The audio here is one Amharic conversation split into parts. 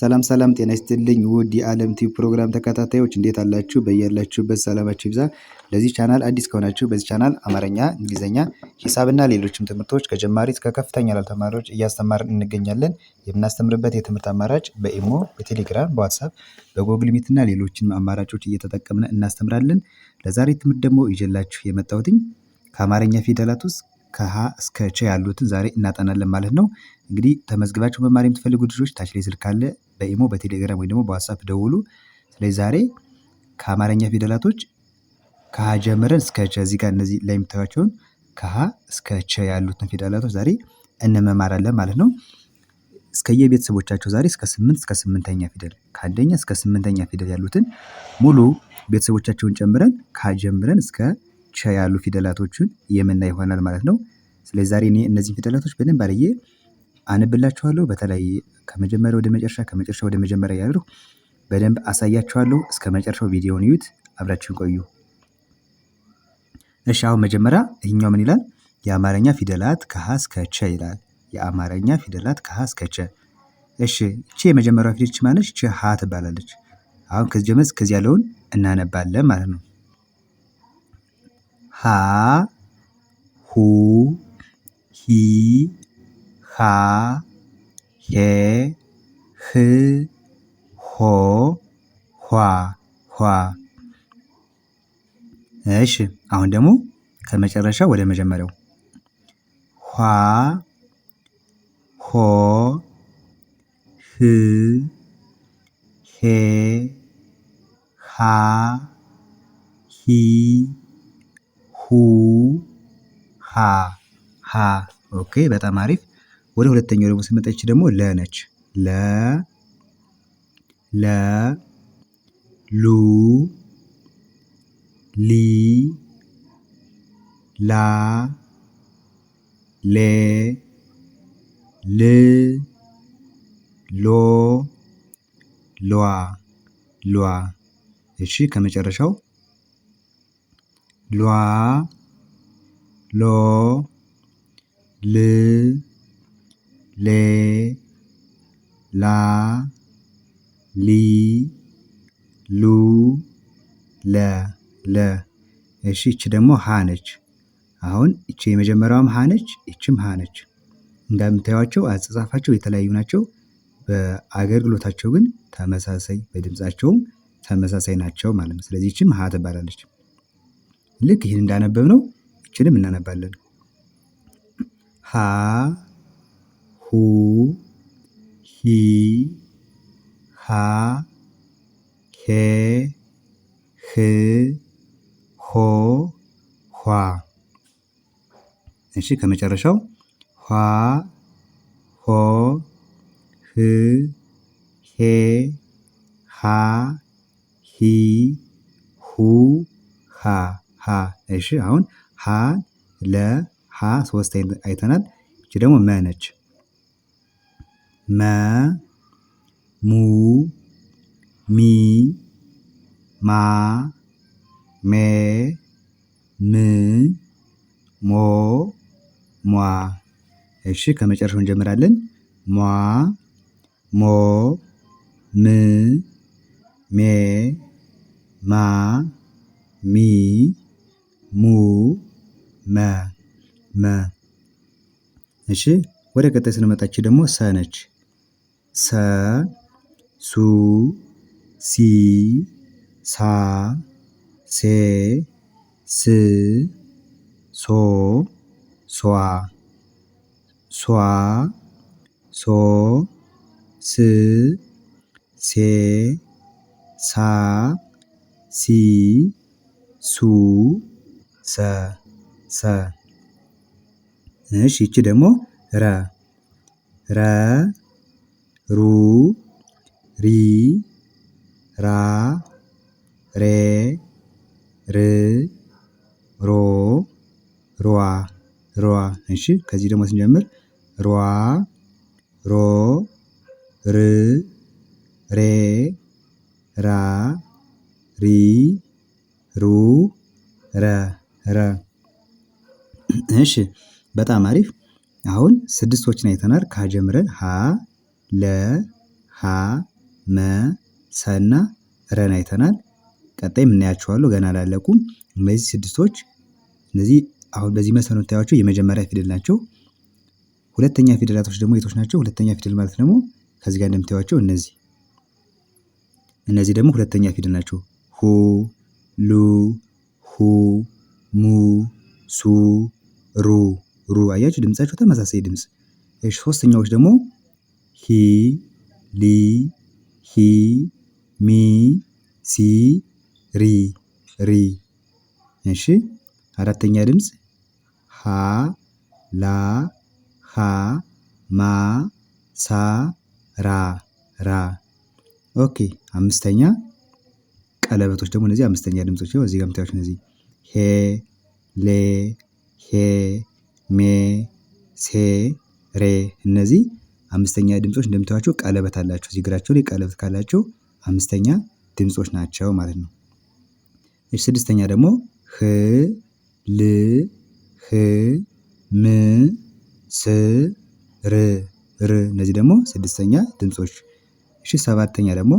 ሰላም ሰላም፣ ጤና ይስጥልኝ ውድ የዓለም ቲቪ ፕሮግራም ተከታታዮች እንዴት አላችሁ? በያላችሁበት ሰላማችሁ ይብዛ። ለዚህ ቻናል አዲስ ከሆናችሁ በዚህ ቻናል አማርኛ፣ እንግሊዝኛ፣ ሂሳብና ሌሎችም ትምህርቶች ከጀማሪ እስከ ከፍተኛ ላሉ ተማሪዎች እያስተማርን እንገኛለን። የምናስተምርበት የትምህርት አማራጭ በኢሞ፣ በቴሌግራም፣ በዋትሳፕ፣ በጎግል ሚት ሌሎችን አማራጮች እየተጠቀምን እናስተምራለን። ለዛሬ ትምህርት ደግሞ ይዤላችሁ የመጣሁትኝ ከአማርኛ ፊደላት ውስጥ ከሀ እስከ ቸ ያሉትን ዛሬ እናጠናለን ማለት ነው። እንግዲህ ተመዝግባችሁ መማር የምትፈልጉ ልጆች ታች ላይ ስልክ አለ በኢሞ በቴሌግራም ወይ ደግሞ በዋትሳፕ ደውሉ። ስለዚህ ዛሬ ከአማርኛ ፊደላቶች ከሀ ጀምረን እስከ ቸ እዚህ ጋር እነዚህ ላይ የምታዩቸውን ከሀ እስከ ቸ ያሉትን ፊደላቶች ዛሬ እንመማራለን ማለት ነው። እስከየ ቤተሰቦቻቸው ዛሬ እስከ ስምንት እስከ ስምንተኛ ፊደል ከአንደኛ እስከ ስምንተኛ ፊደል ያሉትን ሙሉ ቤተሰቦቻቸውን ጨምረን ከሀ ጀምረን እስከ ቸ ያሉ ፊደላቶችን የምናይ ይሆናል ማለት ነው። ስለዚህ ዛሬ እኔ እነዚህን ፊደላቶች በደንብ አድርጌ አንብላችኋለሁ። በተለይ ከመጀመሪያ ወደ መጨረሻ ከመጨረሻ ወደ መጀመሪያ እያደረኩ በደንብ አሳያችኋለሁ። እስከ መጨረሻው ቪዲዮውን እዩት፣ አብራችሁን ቆዩ። እሺ አሁን መጀመሪያ ይህኛው ምን ይላል? የአማርኛ ፊደላት ከሀ እስከ ቸ ይላል። የአማርኛ ፊደላት ከሀ እስከ ቸ። እሺ እቺ የመጀመሪያ ፊደልች ማለች ች ሀ ትባላለች። አሁን ከዚህ ጀመስ ከዚህ ያለውን እናነባለን ማለት ነው። ሀ ሁ ሂ ሀ ሄ ህ ሆ ኋ ኋ። እሺ አሁን ደግሞ ከመጨረሻ ወደ መጀመሪያው ኋ ሆ ህ ሄ ሃ ሂ ሁ ሃ ሃ። ኦኬ በጣም አሪፍ ወደ ሁለተኛው ደግሞ ስንመጣች ደግሞ ለ ነች። ለ ለ ሉ ሊ ላ ሌ ል ሎ ሏ ሏ እሺ ከመጨረሻው ሏ ሎ ል ሌ ላ ሊ ሉ ለ ለ እሺ እቺ ደግሞ ሀ ነች። አሁን እቺ የመጀመሪያውም ሀ ነች፣ ይችም ሀ ነች። እንደምታዩቸው አጻጻፋቸው የተለያዩ ናቸው። በአገልግሎታቸው ግን ተመሳሳይ፣ በድምፃቸውም ተመሳሳይ ናቸው ማለት ነው። ስለዚህ ይችም ሀ ትባላለች። ልክ ይህን እንዳነበብ ነው ይችንም እናነባለን ሃ ሁ ሂ ሃ ሄ ህ ሆ ኋ እሺ ከመጨረሻው ኋ ሆ ህ ሄ ሃ ሂ ሁ ሃ ሃ እሺ አሁን ሃ ለ ሶስት አይተናል። ይቺ ደግሞ መነች መ ሙ ሚ ማ ሜ ም ሞ ሟ። እሺ ከመጨረሻው እንጀምራለን። ሟ ሞ ም ሜ ማ ሚ ሙ መ መ። እሺ ወደ ቀጣይ ስንመጣች ደግሞ ሰ ነች። ሰ ሱ ሲ ሳ ሴ ስ ሶ ሷ ሷ ሶ ስ ሴ ሳ ሲ ሱ ሰ ሰ እሺ ይቺ ደግሞ ረ ረ ሩ ሪ ራ ሬ ር ሮ ሮዋ ሮዋ እሺ ከዚህ ደግሞ ስንጀምር ሮዋ ሮ ር ሬ ራ ሪ ሩ ረ ረ እሺ በጣም አሪፍ አሁን ስድስቶችን አይተናል። ካጀምረን ሃ ለ ሀ መ ሰ እና ረን አይተናል። ቀጣይ የምናያቸዋለሁ ገና አላለቁም። እነዚህ ስድስቶች እነዚህ አሁን በዚህ መስመር ታያቸው የመጀመሪያ ፊደል ናቸው። ሁለተኛ ፊደላቶች ደግሞ የቶች ናቸው? ሁለተኛ ፊደል ማለት ደግሞ ከዚህ ጋር እንደምታያቸው እነዚህ እነዚህ ደግሞ ሁለተኛ ፊደል ናቸው። ሁ ሉ ሁ ሙ ሱ ሩ ሩ። አያቸው ድምጻቸው ተመሳሳይ ድምጽ። ሶስተኛዎች ደግሞ ሂ ሊ ሂ ሚ ሲ ሪ ሪ። እሺ አራተኛ ድምፅ ሀ ላ ሀ ማ ሳ ራ ራ። ኦኬ አምስተኛ ቀለበቶች ደግሞ እነዚህ አምስተኛ ድምጾች ነው። እዚህ ጋር የምታዩት እነዚህ ሄ ሌ ሄ ሜ ሴ ሬ እነዚህ አምስተኛ ድምጾች እንደምታዩቸው ቀለበት አላቸው። እዚህ እግራቸው ላይ ቀለበት ካላቸው አምስተኛ ድምጾች ናቸው ማለት ነው። እሺ ስድስተኛ ደግሞ ህ ል ህ ም ስ ር ር እነዚህ ደግሞ ስድስተኛ ድምጾች። እሺ ሰባተኛ ደግሞ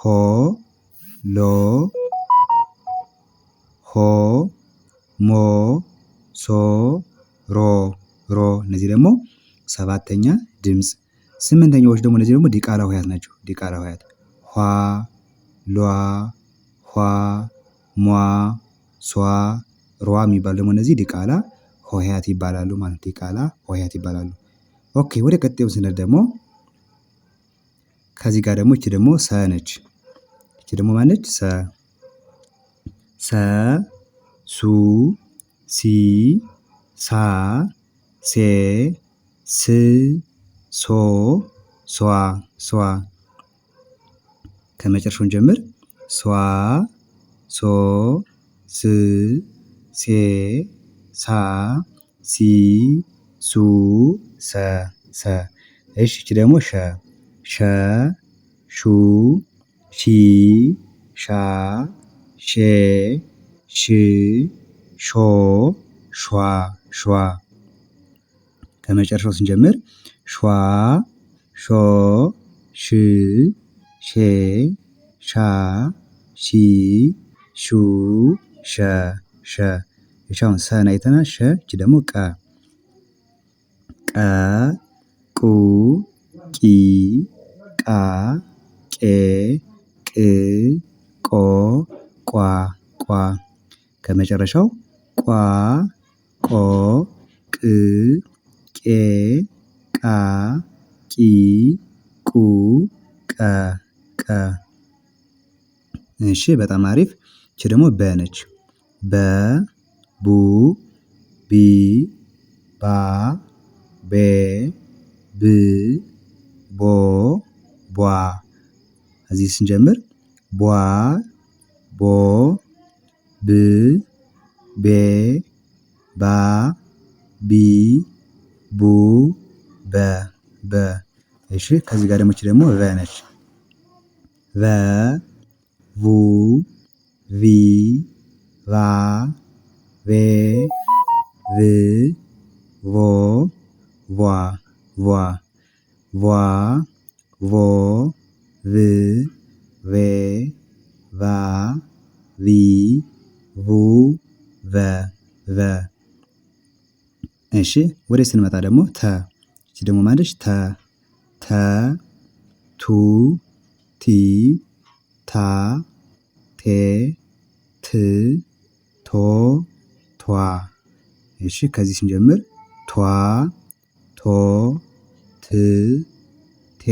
ሆ ሎ ሆ ሞ ሶ ሮ ሮ እነዚህ ደግሞ ሰባተኛ ድምፅ። ስምንተኛዎች ደግሞ እነዚህ ደግሞ ዲቃላ ሆሄያት ናቸው። ዲቃላ ሆሄያት ኋ፣ ሏ፣ ኋ፣ ሟ፣ ሷ፣ ሯ የሚባሉ ደግሞ እነዚህ ዲቃላ ሆሄያት ይባላሉ ማለት ዲቃላ ሆሄያት ይባላሉ። ኦኬ ወደ ቀጤው ስንል ደግሞ ከዚህ ጋር ደግሞ እቺ ደግሞ ሰ ነች። እቺ ደግሞ ማነች? ሰ ሰ ሱ ሲ ሳ ሴ ስ ሶ ሷ ሷ ከመጨረሻውን ጀምር ሷ ሶ ስ ሴ ሳ ሲ ሱ ሰ ሰ እሺ እቺ ደግሞ ሸ ሸ ሹ ሺ ሻ ሼ ሽ ሾ ሿ ሿ ከመጨረሻው ስንጀምር ሿ ሾ ሽ ሼ ሻ ሺ ሹ ሸ ሸ የሻውን ሰን አይተና ሸ እች ደግሞ ቀ ቀ ቁ ቂ ቃ ቄ ቅ ቆ ቋ ቋ ከመጨረሻው ቋ ቆ ቅ ቄ ቃ ቂ ቁ ቀ ቀ እሺ በጣም አሪፍ ይቺ ደግሞ በ ነች። በ ቡ ቢ ባ ቤ ብ ቦ ቧ እዚህ ስንጀምር ቧ ቦ ብ ቤ ባ ቢ ቡ በ በ እሺ ከዚህ ጋር ደግሞ እቺ ደግሞ ቨ ነች። ቨ ቡ ቪ ቫ ቬ ቭ ቮ ቮ ቮ ቮ ቮ ቭ ቬ ቫ ቪ ቡ ቨ ቨ እሺ ወደ ስንመጣ ደግሞ ተ እቺ ደግሞ ማለች ተ ተ ቱ ቲ ታ ቴ ት ቶ ቷ እሺ ከዚህ ስንጀምር ቷ ቶ ት ቴ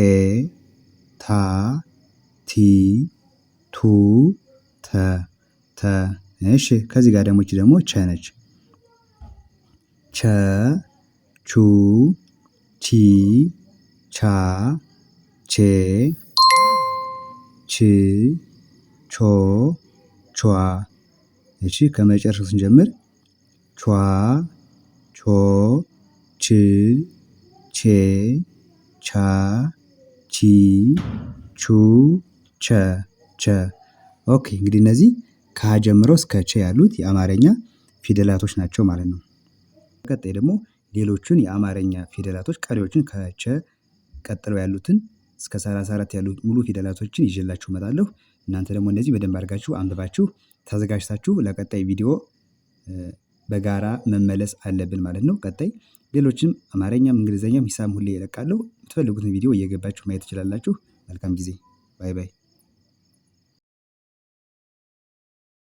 ታ ቲ ቱ ተ ተ እሺ ከዚህ ጋር ደግሞ እቺ ደግሞ ቸ ነች ቸ ቹ ቺ ቻ ቼ ች ቾ ቿ። እሺ ከመጨረሻው ስንጀምር ቿ ቾ ች ቼ ቻ ቺ ቹ ቸ ቸ። ኦኬ እንግዲህ እነዚህ ከሀ ጀምሮ እስከ ቼ ያሉት የአማርኛ ፊደላቶች ናቸው ማለት ነው። ቀጣይ ደግሞ ሌሎቹን የአማርኛ ፊደላቶች ቀሪዎችን ከቸ ቀጥለው ያሉትን እስከ ሰላሳ ያሉ ሙሉ ፊደላቶችን ይዤላችሁ እመጣለሁ። እናንተ ደግሞ እነዚህ በደንብ አድርጋችሁ አንብባችሁ ተዘጋጅታችሁ ለቀጣይ ቪዲዮ በጋራ መመለስ አለብን ማለት ነው። ቀጣይ ሌሎችም አማርኛም እንግሊዝኛም ሂሳብ ሁሌ ይለቃለሁ። የምትፈልጉትን ቪዲዮ እየገባችሁ ማየት ትችላላችሁ። መልካም ጊዜ። ባይ ባይ